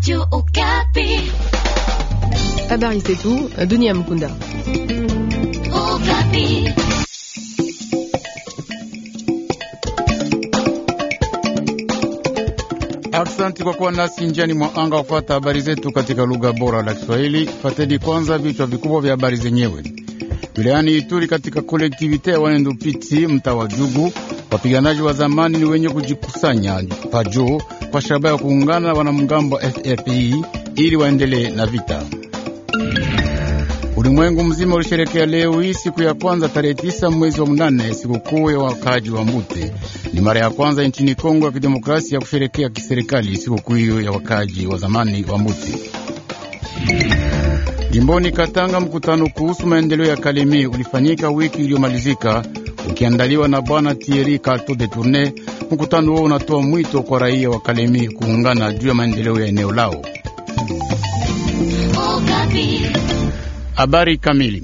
Radio Okapi. Habari zetu Dunia Mkunda. Okapi. Asante kwa kuwa nasi njiani mwa anga kufuata habari zetu katika lugha bora la Kiswahili. Fateni kwanza vichwa vikubwa vya habari zenyewe. Wilayani Ituri katika kolektivite ya wanendo Piti mtawa Jugu, wapiganaji wa zamani ni wenye kujikusanya pajo kwa shabaha ya kuungana na wanamgambo wa frpi ili waendelee na vita. Ulimwengu mzima ulisherekea leo hii siku ya kwanza tarehe tisa mwezi wa mnane sikukuu ya wakaji wa Mbute. Ni mara ya kwanza nchini Kongo ya Kidemokrasia ya kusherekea kiserikali sikukuu hiyo ya wakaji wa zamani wa Mbute. Jimboni Katanga, mkutano kuhusu maendeleo ya Kalemie ulifanyika wiki iliyomalizika ukiandaliwa na Bwana Thierry Kalto de Tourne Mkutano huo unatoa mwito kwa raia wa Kalemi kuungana juu ya maendeleo ya eneo lao. Habari kamili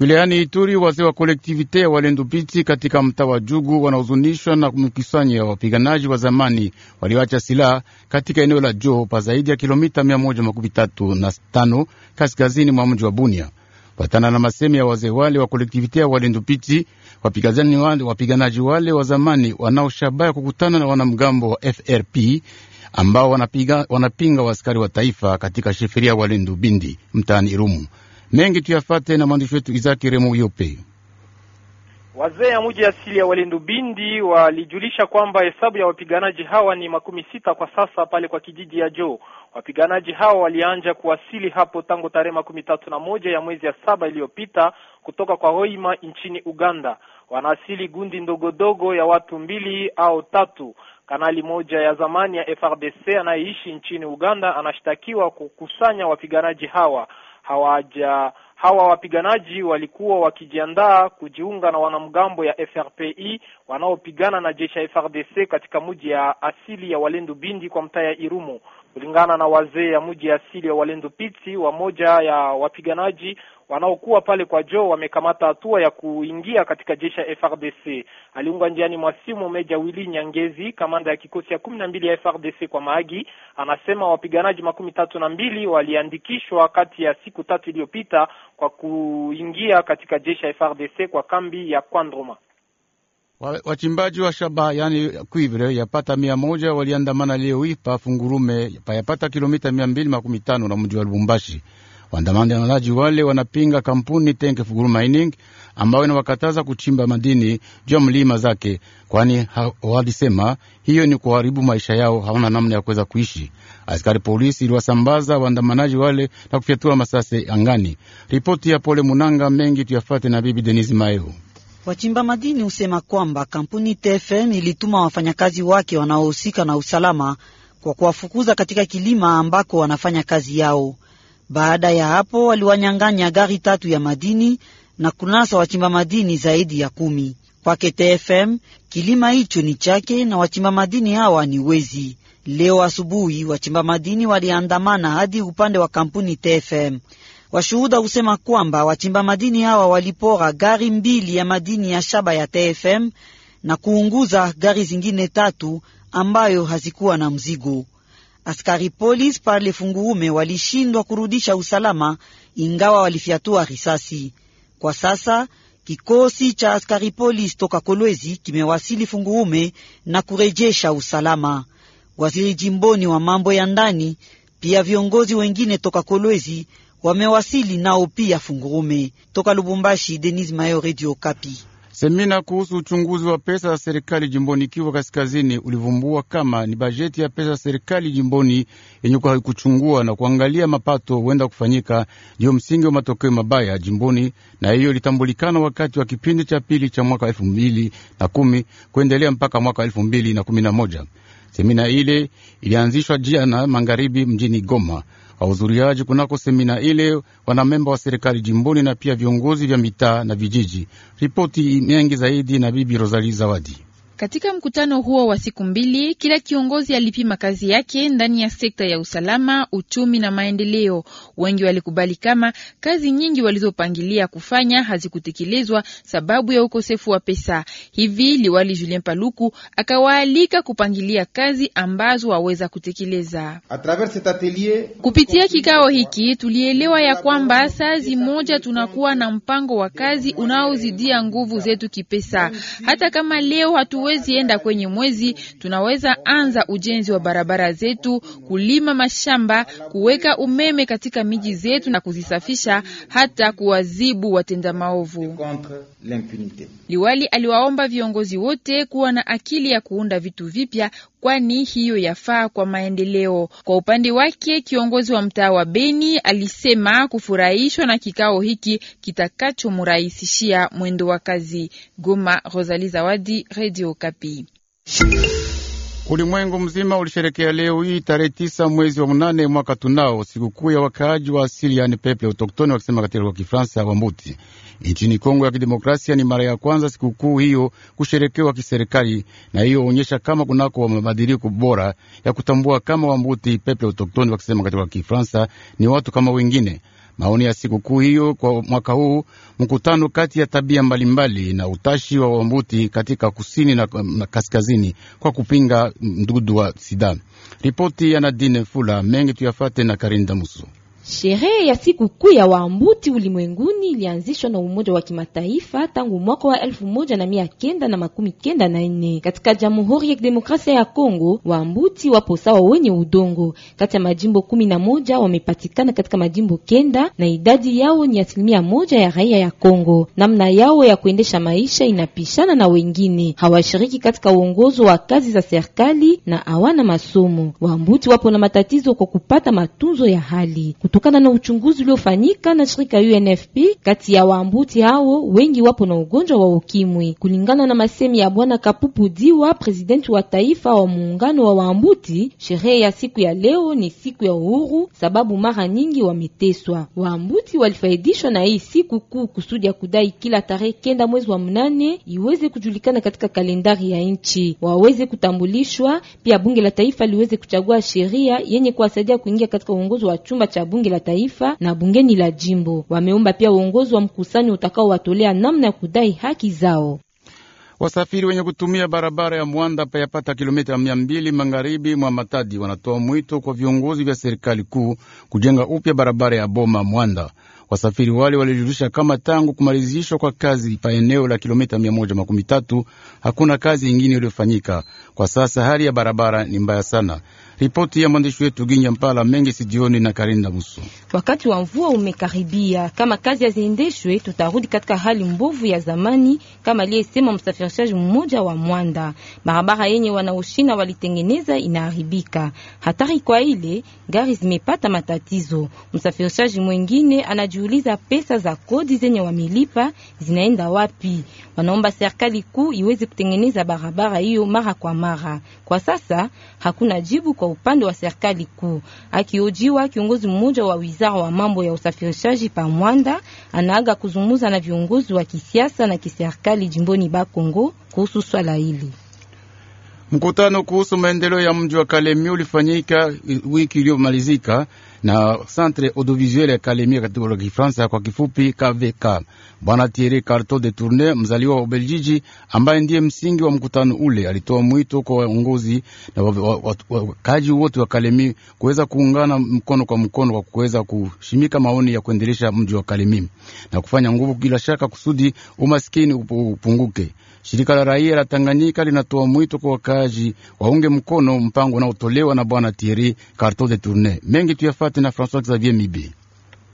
wilayani Ituri, wazee wa kolektivite ya Walendu Biti katika mtaa wa Jugu wanahuzunishwa na mkisanyo ya wapiganaji wa zamani walioacha silaha katika eneo la Joho pa zaidi ya kilomita mia moja makumi tatu na tano kaskazini mwa mji wa Bunia. Patana na masemi ya wazee wale wa kolektivite ya Walendu Piti, wapigazani wale, wapiganaji wale wa zamani wanaoshabaya kukutana na wanamgambo wa FRP ambao wanapiga, wanapinga waaskari wa taifa katika sheferia Walendu Bindi mtaani Irumu. Mengi tuyafate na mwandishi wetu Izaki Remo Yope. Wazee ya mji asili ya Walendu Bindi walijulisha kwamba hesabu ya wapiganaji hawa ni makumi sita kwa sasa pale kwa kijiji ya Joo. Wapiganaji hawa walianja kuwasili hapo tangu tarehe makumi tatu na moja ya mwezi ya saba iliyopita kutoka kwa Hoima nchini Uganda. Wanaasili gundi ndogodogo ya watu mbili au tatu. Kanali moja ya zamani ya FRDC anayeishi nchini Uganda anashtakiwa kukusanya wapiganaji hawa hawaja Hawa wapiganaji walikuwa wakijiandaa kujiunga na wanamgambo ya FRPI wanaopigana na jeshi ya FRDC katika mji ya asili ya Walendu Bindi kwa mtaa ya Irumu. Kulingana na wazee ya mji asili ya Walendu Pitsi, wamoja ya wapiganaji wanaokuwa pale kwa Jo wamekamata hatua ya kuingia katika jeshi ya FRDC. Aliungwa njiani mwa simu Meja Willy Nyangezi, kamanda ya kikosi ya kumi na mbili ya FRDC kwa Mahagi, anasema wapiganaji makumi tatu na mbili waliandikishwa kati ya siku tatu iliyopita kwa kuingia katika jeshi ya FRDC kwa kambi ya Kwandroma. Wachimbaji wa shaba yani cuivre yapata mia moja waliandamana leo hii Fungurume payapata kilomita mia mbili makumi tano na mji wa Lubumbashi. Waandamanaji wale wanapinga kampuni Tenke Fuguru Mining ambayo inawakataza kuchimba madini juu ya mlima zake, kwani walisema hiyo ni kuharibu maisha yao, hawana namna ya kuweza kuishi. Askari polisi iliwasambaza waandamanaji wale na kufyatua masasi angani. Ripoti ya Pole Munanga mengi tuyafate na Bibi Denise Maeo. Wachimba madini husema kwamba kampuni TFM ilituma wafanyakazi wake wanaohusika na usalama kwa kuwafukuza katika kilima ambako wanafanya kazi yao. Baada ya hapo, waliwanyang'anya gari tatu ya madini na kunasa wachimba madini zaidi ya kumi. Kwake TFM, kilima hicho ni chake na wachimba madini hawa ni wezi. Leo asubuhi wachimba madini waliandamana hadi upande wa kampuni TFM. Washuhuda husema kwamba wachimba madini hawa walipora gari mbili ya madini ya shaba ya TFM na kuunguza gari zingine tatu ambayo hazikuwa na mzigo. Askari polis pale Funguume walishindwa kurudisha usalama, ingawa walifyatua risasi. Kwa sasa kikosi cha askari polis toka Kolwezi kimewasili Funguume na kurejesha usalama. Waziri jimboni wa mambo ya ndani pia viongozi wengine toka Kolwezi wamewasili nao pia Fungurume. Toka Lubumbashi, Denis Mayo, Redio Kapi. Semina kuhusu uchunguzi wa pesa za serikali jimboni Kivu Kaskazini ulivumbua kama ni bajeti ya pesa za serikali jimboni yenye kuchungua na kuangalia mapato huenda kufanyika ndiyo msingi wa matokeo mabaya jimboni, na hiyo ilitambulikana wakati wa kipindi cha pili cha mwaka elfu mbili na kumi kuendelea mpaka mwaka elfu mbili na kumi na moja. Semina ile ilianzishwa jana magharibi mjini Goma. Wahudhuriaji kunako semina ile wanamemba wa serikali jimboni na pia viongozi vya mitaa na vijiji. Ripoti mengi zaidi na Bibi Rozali Zawadi. Katika mkutano huo wa siku mbili, kila kiongozi alipima kazi yake ndani ya sekta ya usalama, uchumi na maendeleo. Wengi walikubali kama kazi nyingi walizopangilia kufanya hazikutekelezwa sababu ya ukosefu wa pesa. Hivi liwali Julien Paluku akawaalika kupangilia kazi ambazo waweza kutekeleza. Kupitia kikao hiki, tulielewa ya kwamba sazi moja tunakuwa na mpango wa kazi unaozidia nguvu zetu kipesa, hata kama leo hatu hatuwezi enda kwenye mwezi, tunaweza anza ujenzi wa barabara zetu, kulima mashamba, kuweka umeme katika miji zetu na kuzisafisha, hata kuwazibu watenda maovu. Liwali aliwaomba viongozi wote kuwa na akili ya kuunda vitu vipya kwani hiyo yafaa kwa maendeleo. Kwa upande wake, kiongozi wa mtaa wa Beni alisema kufurahishwa na kikao hiki kitakachomrahisishia mwendo wa kazi. Goma, rosali Zawadi, Radio Kapi. Ulimwengu mzima ulisherekea leo hii tarehe tisa mwezi wa mnane mwaka tunao sikukuu ya wakaaji wa asili, yani peple autoktoni wakisema katika kwa Kifransa Wambuti. Nchini Kongo ya Kidemokrasia ni mara ya kwanza sikukuu hiyo kusherekewa kiserikali, na hiyo huonyesha kama kunako mabadiliko bora ya kutambua kama Wambuti peple utoktoni wakisema katika kwa Kifransa ni watu kama wengine maoni ya sikukuu hiyo kwa mwaka huu, mkutano kati ya tabia mbalimbali na utashi wa Wambuti katika kusini na, na kaskazini kwa kupinga mdudu wa sida. Ripoti ya Nadine Fula mengi tuyafate na Karinda Muso. Sherehe ya siku kuu ya waambuti ulimwenguni ilianzishwa na Umoja wa Kimataifa tangu mwaka wa elfu moja na mia kenda na makumi kenda na nne. Katika Jamhuri ya Kidemokrasia ya Kongo, waambuti wapo sawa wenye udongo. Kati ya majimbo kumi na moja wamepatikana katika majimbo kenda, na idadi yao ni asilimia moja ya raia ya Kongo. Namna yao ya kuendesha maisha inapishana na wengine, hawashiriki katika uongozo wa kazi za serikali na hawana masomo. Waambuti wapo na matatizo kwa kupata matunzo ya hali Kutokana na uchunguzi uliofanyika na shirika UNFP, kati ya waambuti hao wengi wapo na ugonjwa wa ukimwi. Kulingana na masemi ya Bwana Kapupu Diwa, presidenti wa taifa wa muungano wa waambuti, sherehe ya siku ya leo ni siku ya uhuru, sababu mara nyingi wameteswa. Waambuti walifaidishwa na hii siku kuu kusudi ya kudai kila tarehe kenda mwezi wa mnane iweze kujulikana katika kalendari ya nchi, waweze kutambulishwa pia. Bunge la taifa liweze kuchagua sheria yenye kuwasaidia kuingia katika uongozi wa chumba cha bunge bunge la taifa na bungeni la jimbo. Wameomba pia uongozi wa mkusanyo utakaowatolea namna ya kudai haki zao. Wasafiri wenye kutumia barabara ya Mwanda payapata kilomita mia mbili magharibi mwa Matadi wanatoa mwito kwa viongozi vya serikali kuu kujenga upya barabara ya Boma Mwanda. Wasafiri wale walijulisha kama tangu kumalizishwa kwa kazi pa eneo la kilomita mia moja makumi tatu hakuna kazi ingine iliyofanyika. Kwa sasa hali ya barabara ni mbaya sana. Ripoti ya mwandishi wetu Ginya Mpala mengi sijioni na Karinda Musu. Wakati wa mvua umekaribia, kama kazi haziendeshwe, tutarudi katika hali mbovu ya zamani, kama aliyesema msafirishaji mmoja wa Mwanda. Barabara yenye wanaoshina walitengeneza inaharibika, hatari kwa ile gari zimepata matatizo. Msafirishaji mwingine anajiuliza pesa za kodi zenye wamelipa zinaenda wapi? Wanaomba serikali kuu iweze kutengeneza barabara hiyo mara kwa mara. Kwa sasa hakuna jibu kwa kwa upande wa serikali kuu. Akiojiwa, kiongozi mmoja wa wizara wa mambo ya usafirishaji pa Mwanda anaaga kuzungumza na viongozi wa kisiasa na kiserikali jimboni Bakongo kuhusu swala hili. Mkutano kuhusu maendeleo ya mji wa Kalemie ulifanyika wiki iliyomalizika na Centre Audiovisuel ya Kalemie katika lugha ya Kifaransa kwa kifupi KVK. Bwana Thierry Carto de Tourne, mzaliwa wa Ubeljiji, ambaye ndiye msingi wa mkutano ule, alitoa mwito kwa waongozi na wakaji wote wa Kalemie kuweza kuungana mkono kwa mkono kwa kuweza kushimika maoni ya kuendelesha mji wa Kalemie na kufanya nguvu, bila shaka kusudi umaskini upunguke. Shirika la raia la Tanganyika linatoa mwito kwa wakaaji waunge mkono mpango unaotolewa na bwana Thierry Carton de Tourne. Mengi tuyafate na Francois Xavier Mibi.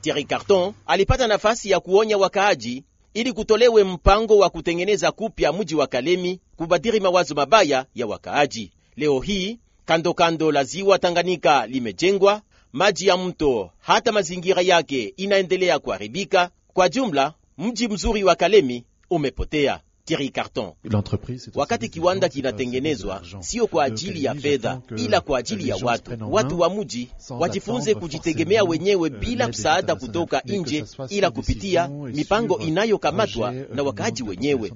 Thierry Carton alipata nafasi ya kuonya wakaaji ili kutolewe mpango wa kutengeneza kupya mji wa Kalemi, kubadiri mawazo mabaya ya wakaaji. Leo hii kando kando la ziwa Tanganyika limejengwa, maji ya mto hata mazingira yake inaendelea kuharibika. Kwa jumla, mji mzuri wa Kalemi umepotea. Thierry Carton. Wakati kiwanda kinatengenezwa sio kwa ajili ya fedha, ila kwa ajili ya watu. Watu wa mji wajifunze kujitegemea wenyewe euh, bila msaada kutoka nje, ila kupitia mipango inayokamatwa na wakaaji wenyewe.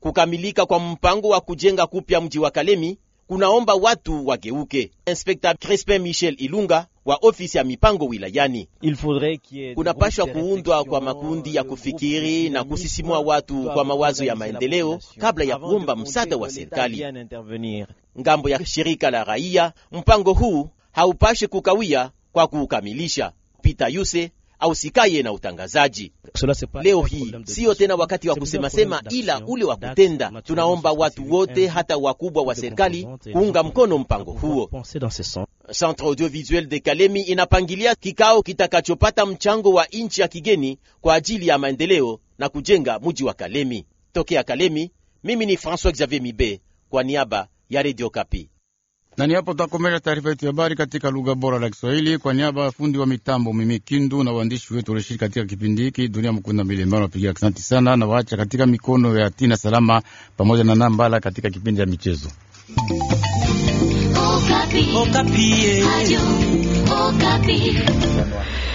Kukamilika kwa mpango wa kujenga kupya mji wa Kalemi kunaomba watu wageuke. Inspekta Crispin Michel Ilunga wa ofisi ya mipango wilayani, kunapashwa kuundwa kwa makundi ya kufikiri na kusisimua watu kwa mawazo ya maendeleo kabla ya kuomba msaada wa serikali ngambo ya shirika la raia. Mpango huu haupashi kukawia kwa kuukamilisha. Peter Yuse, ausikaye na utangazaji. Leo hii siyo tena wakati wa kusemasema, ila ule wa kutenda. Tunaomba watu wote, hata wakubwa wa serikali, kuunga mkono mpango huo. Centre Audiovisuel de Kalemi inapangilia kikao kitakachopata mchango wa inchi ya kigeni kwa ajili ya maendeleo na kujenga muji wa Kalemi. Tokea Kalemi, mimi ni François Xavier Mibe kwa niaba ya Radio Kapi na ni hapo tutakomesha taarifa yetu ya habari katika lugha bora la Kiswahili. Kwa niaba ya fundi wa mitambo Mimi Kindu na waandishi wetu walioshiriki katika kipindi hiki, Dunia Mkunda Milembano napigia asante sana na waacha katika mikono ya Tina Salama pamoja na Nambala katika kipindi cha michezo Okapi. Okapi.